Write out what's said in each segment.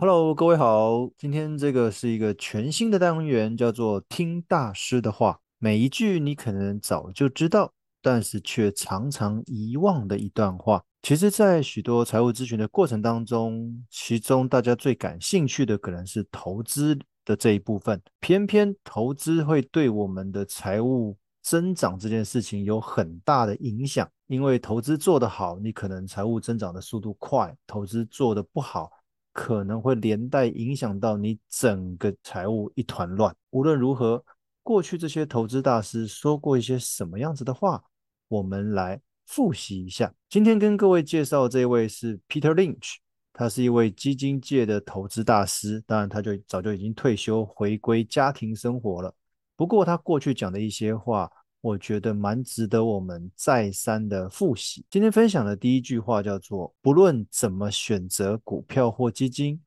Hello，各位好。今天這個是一個全新的單元，叫做“聽大師的話”。每一句你可能早就知道，但是卻常常遺忘的一段話。其實，在許多財務諮詢的過程當中，其中大家最感興趣的可能是投資的這一部分。偏偏投資會對我們的財務增長這件事情有很大的影響，因為投資做得好，你可能財務增長的速度快；投資做得不好，可能會連帶影響到你整個財務一團亂。無論如何，過去這些投資大師說過一些什麼樣子的話，我們來複習一下。今天跟各位介紹的這位是 Peter Lynch，他是一位基金界的投資大師，當然他就早就已經退休，回歸家庭生活了，不過他過去講的一些話，我覺得蠻值得我們再三的複習。今天分享的第一句話叫做：不論怎麼選擇股票或基金，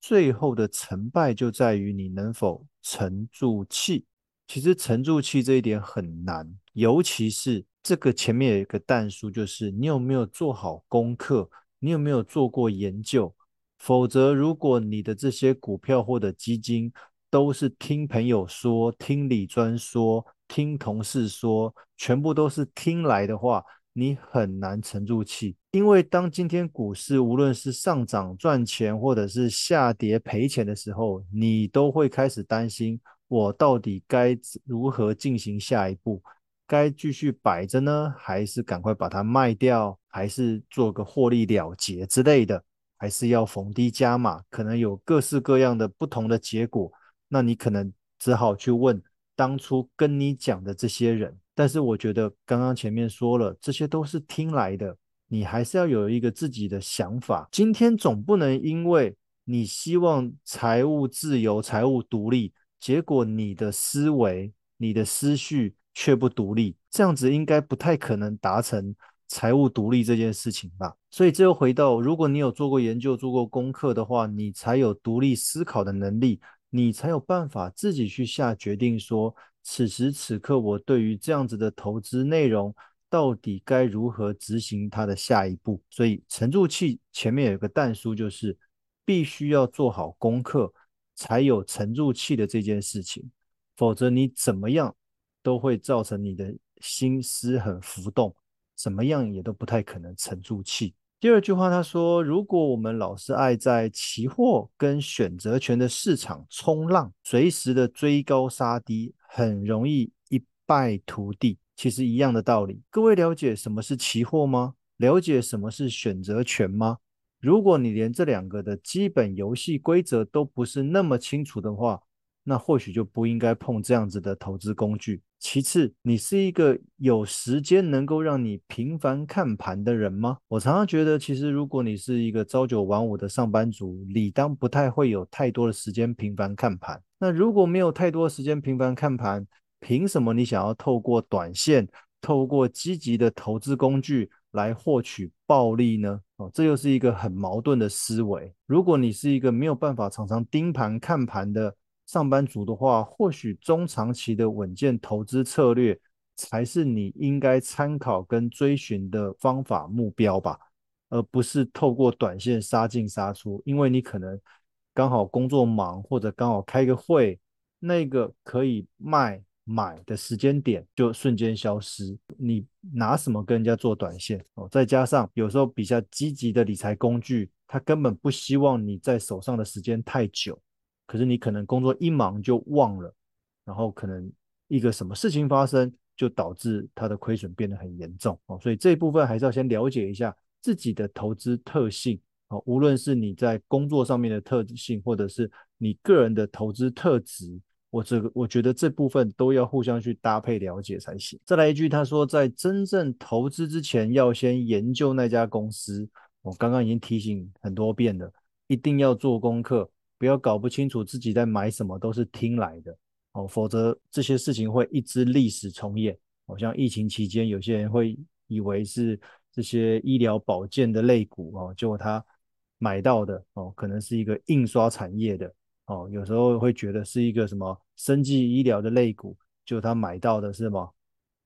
最後的成敗就在於你能否沉住氣。其實沉住氣這一點很難，尤其是這個前面有一個但書，就是你有沒有做好功課，你有沒有做過研究？否則，如果你的這些股票或者基金都是聽朋友說、聽理專說。聽同事說，全部都是聽來的話，你很難沉住氣。因為當今天股市無論是上漲賺錢，或者是下跌賠錢的時候，你都會開始擔心：我到底該如何進行下一步？該繼續擺着呢？還是趕快把它賣掉？還是做個獲利了結之類的？還是要逢低加碼？可能有各式各樣的不同的結果，那你可能只好去問。當初跟你講的這些人，但是我覺得剛剛前面說了，這些都是聽來的，你還是要有一個自己的想法。今天總不能因為你希望財務自由、財務獨立，結果你的思維、你的思緒卻不獨立，這樣子應該不太可能達成財務獨立這件事情吧。所以這又回到，如果你有做過研究、做過功課的話，你才有獨立思考的能力。你才有辦法自己去下決定，說此時此刻我對於這樣子的投資內容，到底該如何執行它的下一步？所以沉住氣前面有一個但書，就是必須要做好功課，才有沉住氣的這件事情。否則你怎麼樣都會造成你的心思很浮動，怎麼樣也都不太可能沉住氣。第二句話，他說：如果我們老是愛在期貨跟選擇權的市場衝浪，隨時的追高殺低，很容易一敗塗地。其實一樣的道理，各位了解什麼是期貨嗎？了解什麼是選擇權嗎？如果你連這兩個的基本遊戲規則都不是那麼清楚的話，那或許就不應該碰這樣子的投資工具。其次，你是一個有時間能夠讓你頻繁看盤的人嗎？我常常覺得，其實如果你是一個朝九晚五的上班族，理當不太會有太多的時間頻繁看盤。那如果沒有太多時間頻繁看盤，憑什麼你想要透過短線、透過積極的投資工具來獲取暴利呢？哦，這又是一個很矛盾的思維。如果你是一個沒有辦法常常盯盤看盤的上班族的話，或許中長期的穩健投資策略才是你應該參考跟追尋的方法目標吧，而不是透過短線殺進殺出，因為你可能剛好工作忙，或者剛好開個會，那個可以賣買的時間點就瞬間消失，你拿什麼跟人家做短線哦？再加上有時候比較積極的理財工具，它根本不希望你在手上的時間太久。可是你可能工作一忙就忘了，然後可能一個什麼事情發生，就導致它的虧損變得很嚴重哦。所以這一部分還是要先了解一下自己的投資特性哦，無論是你在工作上面的特性，或者是你個人的投資特質，我這個我覺得這部分都要互相去搭配了解才行。再來一句，他說在真正投資之前，要先研究那家公司。我剛剛已經提醒很多遍了，一定要做功課。不要搞不清楚自己在買什麼，都是聽來的哦，否則這些事情會一直歷史重演。哦，好像疫情期間，有些人會以為是這些醫療保健的類股哦，結果他買到的哦，可能是一個印刷產業的哦，有時候會覺得是一個什麼生技醫療的類股，結果他買到的是什麼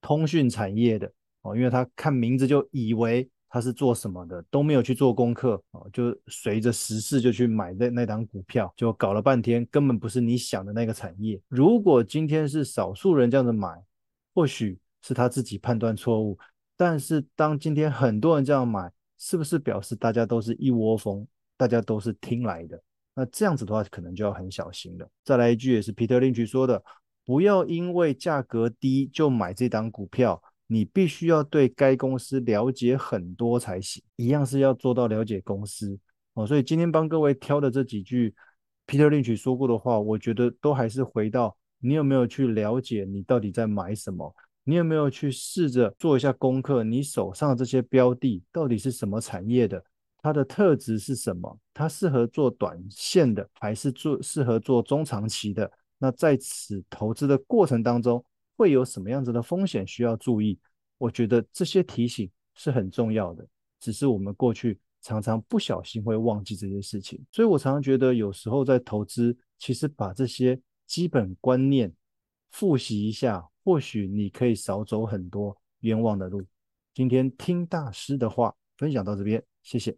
通訊產業的哦，因為他看名字就以為，他是做什麼的，都沒有去做功課啊、哦，就隨着時事就去買那那檔股票，就搞了半天根本不是你想的那個產業。如果今天是少數人這樣子買，或許是他自己判斷錯誤；但是當今天很多人這樣買，是不是表示大家都是一窩蜂？大家都是聽來的，那這樣子的話可能就要很小心了。再來一句也是彼得林區說的：不要因為價格低就買這檔股票。你必須要對該公司了解很多才行，一樣是要做到了解公司哦。所以今天幫各位挑的這幾句，彼得林區說過的話，我覺得都還是回到你有沒有去了解你到底在買什麼？你有沒有去試着做一下功課？你手上這些標的到底是什麼產業的？它的特質是什麼？它適合做短線的，還是做適合做中長期的？那在此投資的過程當中。會有什麼樣子的風險需要注意？我覺得這些提醒是很重要的，只是我們過去常常不小心會忘記這些事情，所以我常常覺得有時候在投資，其實把這些基本觀念複習一下，或許你可以少走很多冤枉的路。今天聽大師的話，分享到這邊，謝謝。